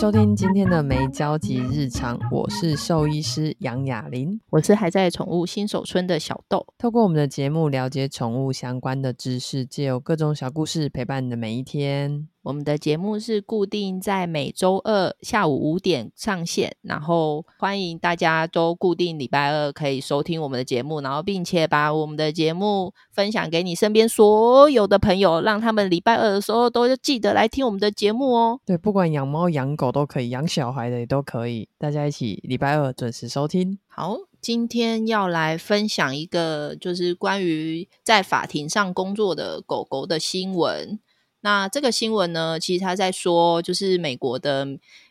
收聽今天的沒交集日常，我是獸醫師楊雅琳，我是還在寵物新手村的小豆。透過我們的節目了解寵物相關的知識，借由各種小故事陪伴你的每一天。我們的節目是固定在每周二下午五點上線，然後歡迎大家都固定禮拜二可以收聽我們的節目，然後並且把我們的節目分享給你身邊所有的朋友，讓他們禮拜二的時候都要記得來聽我們的節目哦。對，不管養貓養狗都可以，養小孩的也都可以，大家一起禮拜二準時收聽。好，今天要來分享一個就是關於在法庭上工作的狗狗的新聞。那這個新聞呢，其實他在說，就是美國的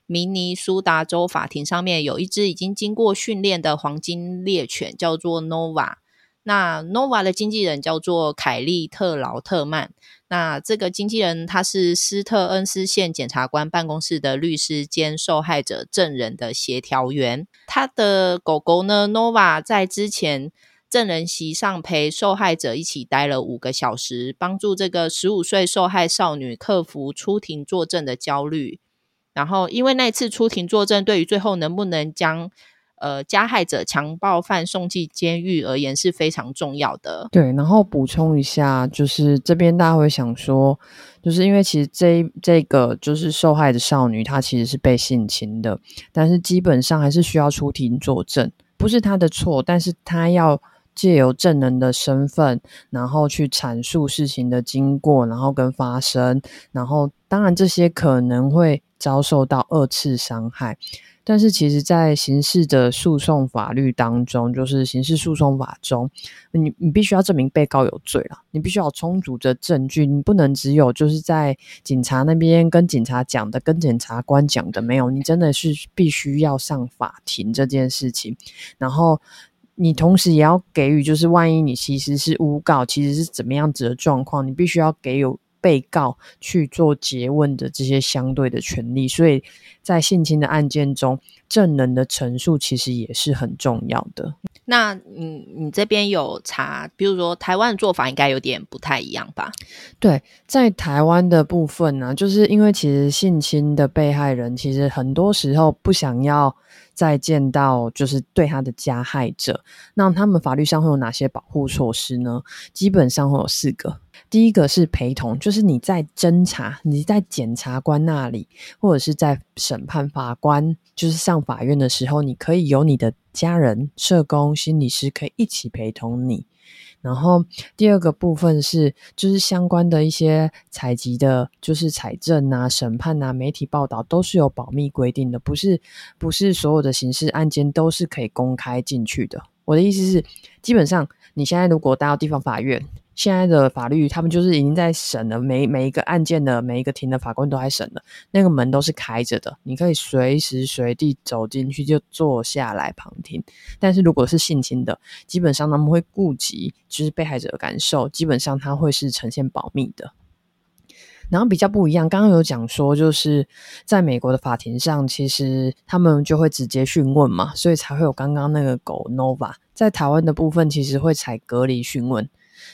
明尼蘇達州法庭上面有一隻已經經過訓練的黃金獵犬，叫做 Nova。那 Nova 的經紀人叫做凱利特勞特曼。那這個經紀人他是斯特恩斯縣檢察官辦公室的律師兼受害者證人的協調員。他的狗狗呢，Nova 在之前，證人席上陪受害者一起待了五個小時，幫助這個十五歲受害少女克服出庭作證的焦慮。然後，因為那次出庭作證，對於最後能不能將呃加害者強暴犯送進監獄而言是非常重要的。對，然後補充一下，就是這邊大家會想說，就是因為其實這這個就是受害的少女，她其實是被性侵的，但是基本上還是需要出庭作證，不是她的錯，但是她要。借由證人的身份，然後去闡述事情的經過，然後跟發生，然後當然這些可能會遭受到二次傷害，但是其實，在刑事的訴訟法律當中，就是刑事訴訟法中，你你必須要證明被告有罪了，你必須要充足的證據，你不能只有就是在警察那邊跟警察講的，跟檢察官講的沒有，你真的是必須要上法庭這件事情，然後。你同時也要給予，就是萬一你其實是誣告，其實是怎麼樣子的狀況，你必須要給有被告去做詰問的這些相對的權利。所以在性侵的案件中，證人的陳述其實也是很重要的。那你你這邊有查，比如說台灣的做法應該有點不太一樣吧？對，在台灣的部分呢、啊，就是因為其實性侵的被害人，其實很多時候不想要再見到就是對他的加害者，那他們法律上會有哪些保護措施呢？基本上會有四個。第一個是陪同，就是你在偵查、你在檢察官那裡，或者是在審判法官，就是上法院的時候，你可以有你的家人、社工、心理師可以一起陪同你。然後第二個部分是，就是相關的一些採集的，就是採證啊、審判啊、媒體報道，都是有保密規定的，不是不是所有的刑事案件都是可以公開進去的。我的意思是，基本上，你現在如果到地方法院，現在的法律他們就是已經在審了，每每一個案件的每一個庭的法官都還審了，那個門都是開着的，你可以隨時隨地走進去就坐下來旁聽。但是如果是性侵的，基本上他們會顧及就是被害者的感受，基本上他會是呈現保密的。然後比較不一樣，剛剛有講說，就是在美國的法庭上，其實他們就會直接訊問嘛，所以才會有剛剛那個狗 Nova。在台灣的部分，其實會採隔離訊問，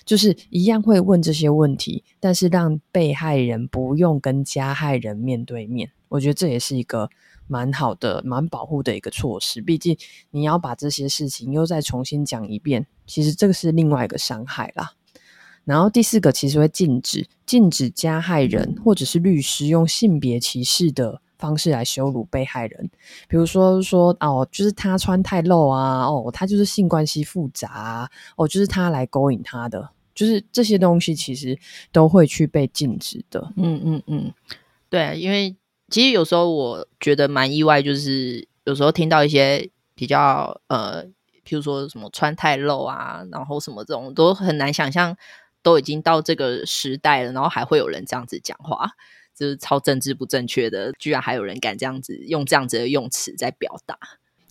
就是一樣會問這些問題，但是讓被害人不用跟加害人面對面。我覺得這也是一個蠻好的、蠻保護的一個措施。畢竟你要把這些事情又再重新講一遍，其實這個是另外一個傷害啦。然後第四個其實會禁止，禁止加害人或者是律師用性別歧視的方式來羞辱被害人，比如說說哦，就是他穿太露啊，哦，他就是性關係複雜啊，哦，就是他來勾引他的，就是這些東西其實都會去被禁止的。嗯嗯嗯，對啊，因為其實有時候我覺得蠻意外，就是有時候聽到一些比較呃，譬如說什麼穿太露啊，然後什麼這種都很難想象。都已經到這個時代了，然後還會有人這樣子講話，就是超政治不正確的，居然還有人敢這樣子用這樣子的用詞在表達，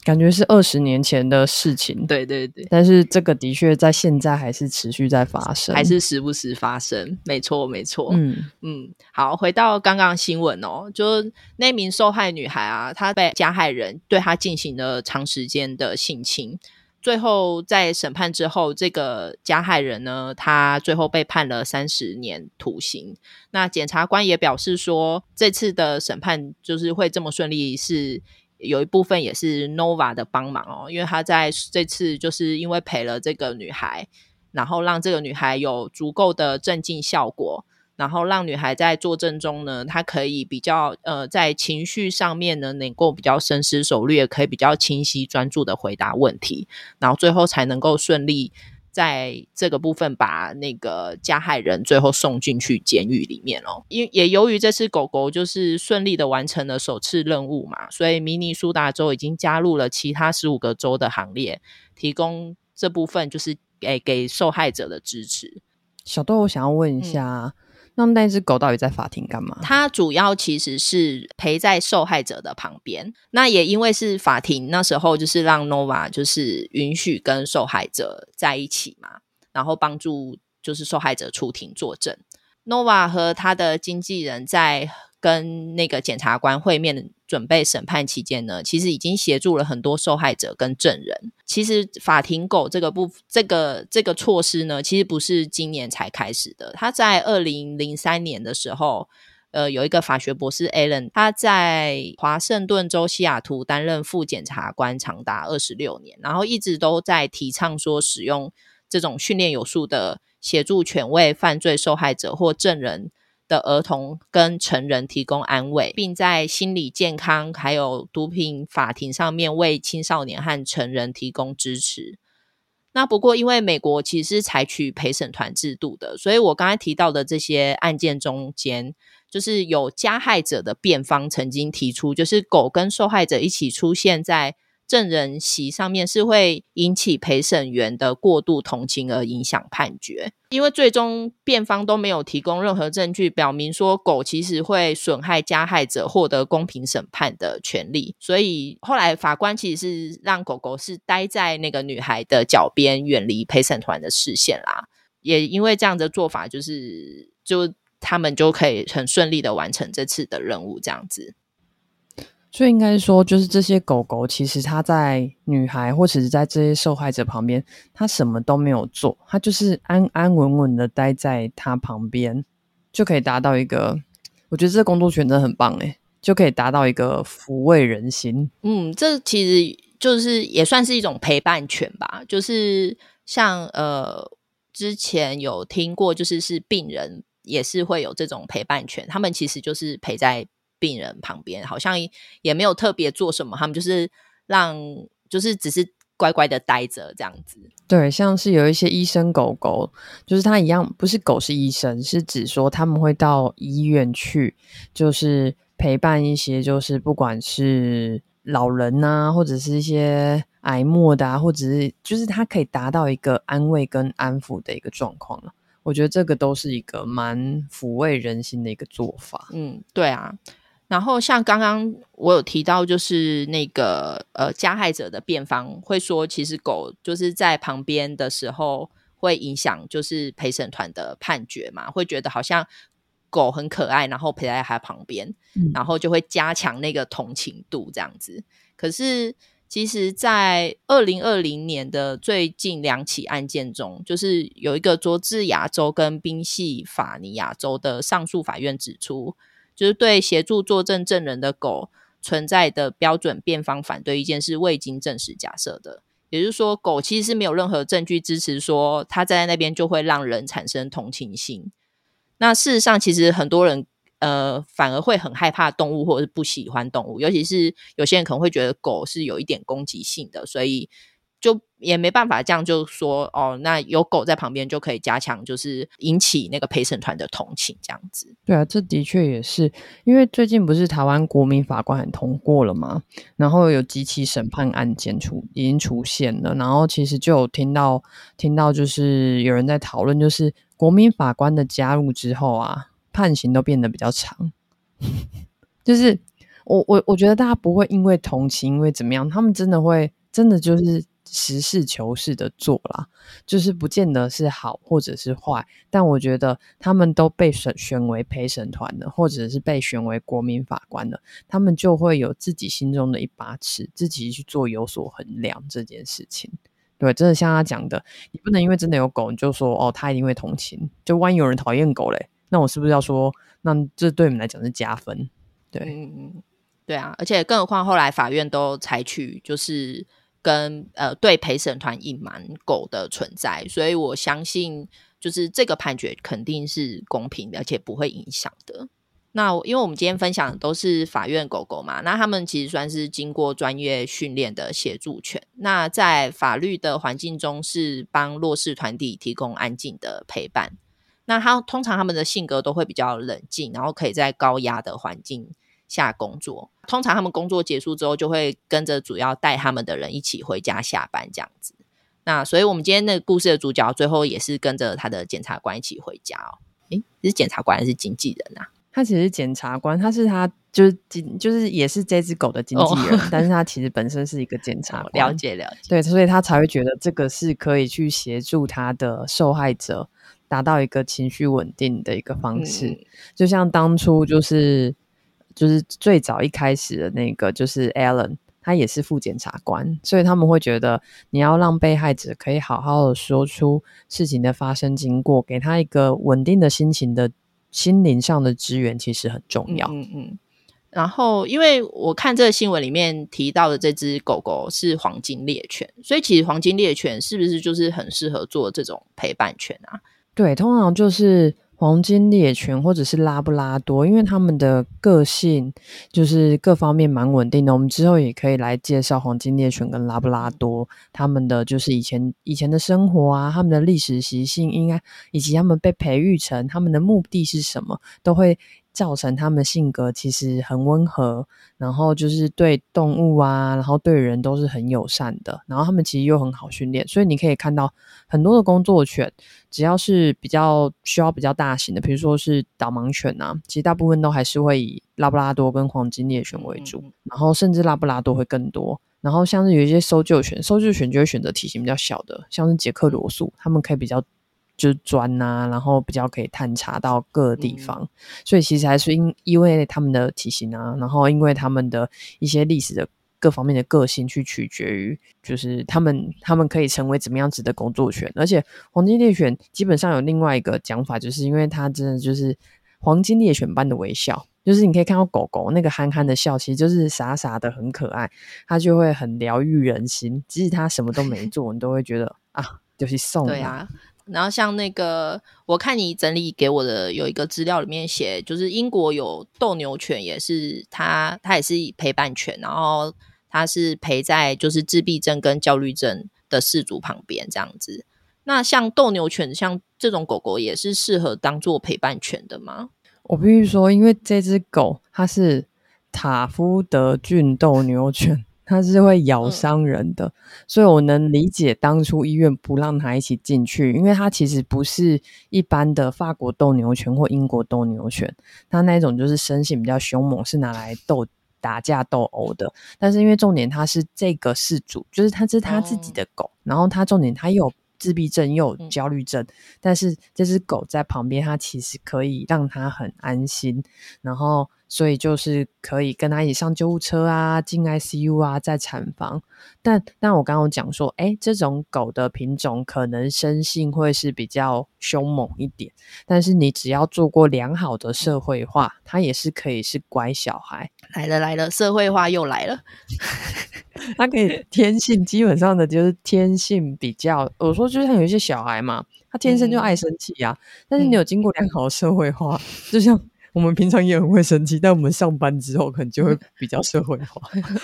感覺是二十年前的事情。對對對，但是這個的確在現在還是持續在發生，還是時不時發生。沒錯沒錯，嗯嗯。好，回到剛剛新聞哦，就那名受害女孩啊，她被加害人對她進行了長時間的性侵。最後在審判之後，這個加害人呢，他最後被判了三十年徒刑。那檢察官也表示說，這次的審判就是會這麼順利是，是有一部分也是 Nova 的幫忙哦，因為他在這次就是因為陪了這個女孩，然後讓這個女孩有足夠的鎮靜效果。然後讓女孩在作證中呢，她可以比較呃，在情緒上面呢能夠比較深思熟慮，可以比較清晰專注的回答問題，然後最後才能夠順利在這個部分把那個加害人最後送進去監獄裡面哦。因也由於這次狗狗就是順利的完成了首次任務嘛，所以明尼蘇達州已經加入了其他十五個州的行列，提供這部分就是給給受害者的支持。小豆，我想要問一下。嗯那那隻狗到底在法庭幹嘛？它主要其實是陪在受害者的旁邊。那也因為是法庭那時候，就是讓 Nova 就是允許跟受害者在一起嘛，然後幫助就是受害者出庭作證。Nova 和他的經紀人在。跟那個檢察官會面，準備審判期間呢，其實已經協助了很多受害者跟證人。其實法庭狗這個不這個這個措施呢，其實不是今年才開始的。他在二零零三年的時候，呃，有一個法學博士 Alan，他在華盛頓州西雅圖擔任副檢察官長達二十六年，然後一直都在提倡說使用這種訓練有素的協助犬為犯罪受害者或證人。的兒童跟成人提供安慰，並在心理健康還有毒品法庭上面為青少年和成人提供支持。那不過，因為美國其實是採取陪審團制度的，所以我剛才提到的這些案件中間，就是有加害者的辯方曾經提出，就是狗跟受害者一起出現在。證人席上面是會引起陪審員的過度同情，而影響判決。因為最終辯方都沒有提供任何證據表明說狗其實會損害加害者獲得公平審判的權利，所以後來法官其實是讓狗狗是待在那個女孩的腳邊，遠離陪審團的視線啦。也因為這樣的做法，就是就他們就可以很順利的完成這次的任務，這樣子。所以應該說，就是這些狗狗，其實它在女孩或者是在這些受害者旁邊，它什麼都沒有做，它就是安安穩穩的待在它旁邊，就可以達到一個，我覺得這個工作犬真的很棒欸，就可以達到一個撫慰人心。嗯，這其實就是也算是一種陪伴犬吧，就是像呃之前有聽過，就是是病人也是會有這種陪伴犬，他們其實就是陪在。病人旁邊好像也沒有特別做什麼，他們就是讓就是只是乖乖的待着這樣子。對，像是有一些醫生狗狗，就是他一樣，不是狗是醫生，是指說他們會到醫院去，就是陪伴一些，就是不管是老人啊，或者是一些癌末的啊，或者是就是它可以達到一個安慰跟安撫的一個狀況。我覺得這個都是一個蠻撫慰人心的一個做法。嗯，對啊。然後像剛剛我有提到，就是那個呃加害者的辯方會說，其實狗就是在旁邊的時候會影響，就是陪審團的判決嘛，會覺得好像狗很可愛，然後陪在他旁邊，然後就會加強那個同情度這樣子。可是其實，在二零二零年的最近兩起案件中，就是有一個佐治亞州跟賓夕法尼亞州的上訴法院指出。就是對協助作證證人的狗存在的標準，辯方反對意見是未經證實假設的，也就是說，狗其實是沒有任何證據支持說它站在那邊就會讓人產生同情心。那事實上，其實很多人呃反而會很害怕動物，或者是不喜歡動物，尤其是有些人可能會覺得狗是有一點攻擊性的，所以。就也沒辦法，這樣就說哦，那有狗在旁邊就可以加強，就是引起那個陪審團的同情，這樣子。對啊，這的確也是，因為最近不是台灣國民法官很通過了嘛，然後有幾起審判案件出已經出現了，然後其實就有聽到聽到，就是有人在討論，就是國民法官的加入之後啊，判刑都變得比較長。 就是我我我覺得大家不會因為同情，因為怎麼樣，他們真的會真的就是。實事求是的做啦，就是不見得是好或者是壞，但我覺得他們都被選選為陪審團的，或者是被選為國民法官的，他們就會有自己心中的一把尺，自己去做有所衡量這件事情。對，真的像他講的，你不能因為真的有狗，你就說哦，他一定會同情。就萬一有人討厭狗嘞，那我是不是要說，那這對你們來講是加分？對，嗯，對啊，而且更何況後來法院都採取就是。跟呃，對陪審團隱瞞狗的存在，所以我相信就是這個判決肯定是公平而且不會影響的。那因為我們今天分享都是法院狗狗嘛，那他們其實算是經過專業訓練的協助犬，那在法律的環境中是幫弱勢團體提供安靜的陪伴。那他通常他們的性格都會比較冷靜，然後可以在高壓的環境下工作，通常他們工作結束之後，就會跟着主要帶他們的人一起回家下班這樣子。那所以，我們今天那個故事的主角最後也是跟着他的檢察官一起回家哦。誒，是檢察官還是經紀人啊？他其實是檢察官，他是他就是經就是也是這隻狗的經紀人，oh. 但是他其實本身是一個檢察官。了解、oh, 了解。了解對，所以他才會覺得這個是可以去協助他的受害者達到一個情緒穩定的一個方式，嗯、就像當初就是。就是最早一開始的那個，就是 Alan，他也是副檢察官，所以他們會覺得你要讓被害者可以好好的說出事情的發生經過，給他一個穩定的心情的、心靈上的支援，其實很重要。嗯嗯。然後，因為我看這個新聞裡面提到的這隻狗狗是黃金獵犬，所以其實黃金獵犬是不是就是很適合做這種陪伴犬啊？對，通常就是。黃金獵犬或者是拉布拉多，因為他們的個性就是各方面蠻穩定的。我們之後也可以來介紹黃金獵犬跟拉布拉多，他們的就是以前以前的生活啊，他們的歷史習性，應該，以及他們被培育成他們的目的是什麼，都會。造成他們性格其實很溫和，然後就是對動物啊，然後對人都是很友善的。然後他們其實又很好訓練，所以你可以看到很多的工作犬，只要是比較需要比較大型的，比如說是導盲犬吶、啊，其實大部分都還是會以拉布拉多跟黃金獵犬為主，嗯、然後甚至拉布拉多會更多。然後像是有一些搜救犬，搜救犬就會選擇體型比較小的，像是傑克羅素，他們可以比較。就鑽吶、啊，然後比較可以探查到各地方，嗯、所以其實還是因因為他們的體型啊，然後因為他們的一些歷史的各方面的個性，去取決於就是他們他們可以成為怎麼樣子的工作犬。而且黃金獵犬基本上有另外一個講法，就是因為它真的就是黃金獵犬般的微笑，就是你可以看到狗狗那個憨憨的笑，其實就是傻傻的很可愛，它就會很療癒人心。即使它什麼都沒做， 你都會覺得啊，就是送對啊。然後像那個，我看你整理給我的有一個資料裡面寫，就是英國有鬥牛犬，也是它，它也是陪伴犬，然後它是陪在就是自閉症跟焦慮症的飼主旁邊這樣子。那像鬥牛犬像這種狗狗也是適合當做陪伴犬的嗎？我必須說，因為這只狗它是塔夫德郡鬥牛犬。它是會咬傷人的，嗯、所以我能理解當初醫院不讓他一起進去，因為它其實不是一般的法國鬥牛犬或英國鬥牛犬，它那種就是生性比較凶猛，是拿來鬥打架鬥毆的。但是因為重點，它是這個事主，就是它是他自己的狗，嗯、然後他重點他又有自閉症，又有焦慮症，嗯、但是這只狗在旁邊，它其實可以讓他很安心，然後。所以就是可以跟他一起上救護車啊，進 ICU 啊，在產房。但但我剛剛講說，哎、欸，這種狗的品種可能生性會是比較兇猛一點，但是你只要做過良好的社會化，它也是可以是乖小孩。來了來了，社會化又來了。它 可以天性基本上的就是天性比較，我說就像有一些小孩嘛，他天生就愛生氣啊，嗯、但是你有經過良好的社會化，嗯、就像。我們平常也很會生氣，但我們上班之後可能就會比較社會化，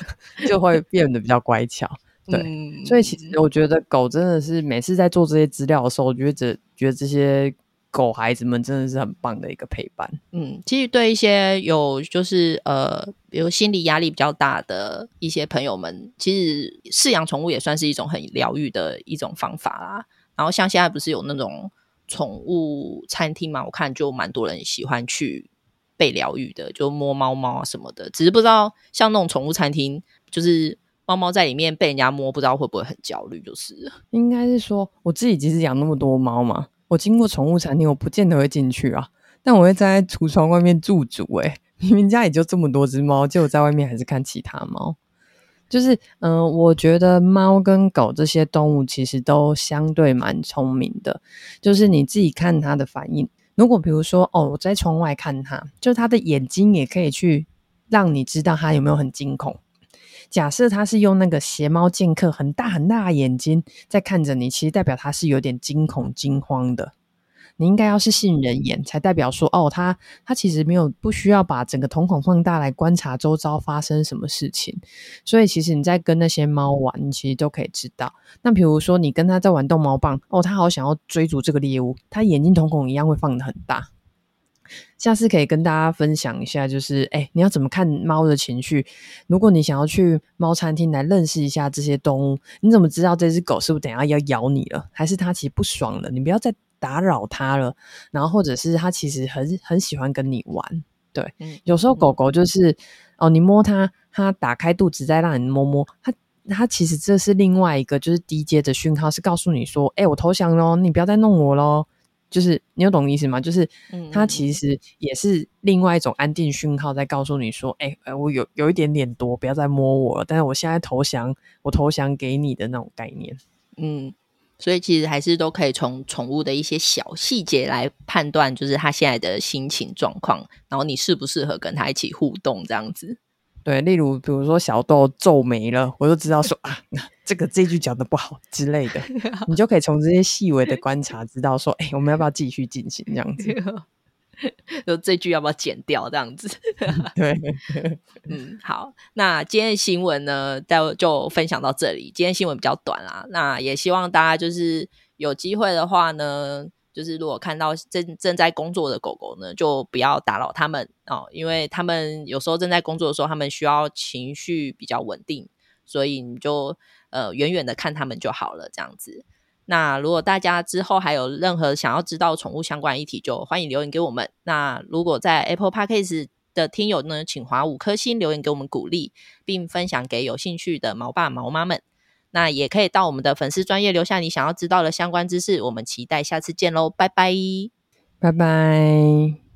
就會變得比較乖巧。對，嗯、所以其實我覺得狗真的是每次在做這些資料的時候，我覺得覺得這些狗孩子們真的是很棒的一個陪伴。嗯，其實對一些有就是呃，比如心理壓力比較大的一些朋友們，其實飼養寵物也算是一種很療癒的一種方法啦。然後像現在不是有那種寵物餐廳嘛，我看就蠻多人喜歡去。被療癒的，就摸貓貓啊什麼的，只是不知道像那種寵物餐廳，就是貓貓在裡面被人家摸，不知道會不會很焦慮。就是應該是說，我自己其實養那麼多貓嘛，我經過寵物餐廳，我不見得會進去啊，但我會站在櫥窗外面駐足、欸。誒，你們家也就這麼多隻貓，結果在外面還是看其他貓。就是，嗯、呃，我覺得貓跟狗這些動物其實都相對蠻聰明的，就是你自己看它的反應。如果比如說，哦，我在窗外看他，就他的眼睛也可以去讓你知道他有沒有很驚恐。假設他是用那個鞋貓劍客很大很大的眼睛在看着你，其實代表他是有點驚恐驚慌的。你應該要是信人眼，才代表說，哦，他他其實沒有不需要把整個瞳孔放大來觀察周遭發生什麼事情。所以其實你在跟那些貓玩，你其實都可以知道。那比如說你跟它在玩逗貓棒，哦，他好想要追逐這個獵物，他眼睛瞳孔一樣會放得很大。下次可以跟大家分享一下，就是誒，你要怎麼看貓的情緒？如果你想要去貓餐廳來認識一下這些動物，你怎麼知道這隻狗是不是等下要咬你了，還是它其實不爽了？你不要再。打擾他了，然後或者是他其實很很喜歡跟你玩，對，嗯、有時候狗狗就是、嗯、哦，你摸它，它打開肚子再讓你摸摸它，它其實這是另外一個就是低階的訊號，是告訴你說，哎、欸，我投降嘍，你不要再弄我嘍，就是你有懂意思嗎？就是它、嗯、其實也是另外一種安定訊號，在告訴你說，哎、欸呃，我有有一點點多，不要再摸我了，但是我現在投降，我投降給你的那種概念，嗯。所以其實還是都可以從寵物的一些小細節來判斷，就是它現在的心情狀況，然後你適不適合跟它一起互動這樣子。對，例如比如說小豆皺眉了，我就知道說 啊，這個這句講得不好之類的， 你就可以從這些細微的觀察知道說，哎、欸，我們要不要繼續進行這樣子。 就 這句要不要剪掉？這樣子 對， 嗯，好，那今天的新聞呢，待會就分享到這裡。今天新聞比較短啦，那也希望大家就是有機會的話呢，就是如果看到正正在工作的狗狗呢，就不要打擾他們哦，因為他們有時候正在工作的時候，他們需要情緒比較穩定，所以你就呃遠遠的看他們就好了，這樣子。那如果大家之後還有任何想要知道寵物相關議題，就歡迎留言給我們。那如果在 Apple Podcast 的聽友呢，請劃五顆星留言給我們鼓勵，並分享給有興趣的毛爸毛媽們。那也可以到我們的粉絲專頁留下你想要知道的相關知識。我們期待下次見嘍，拜拜，拜拜。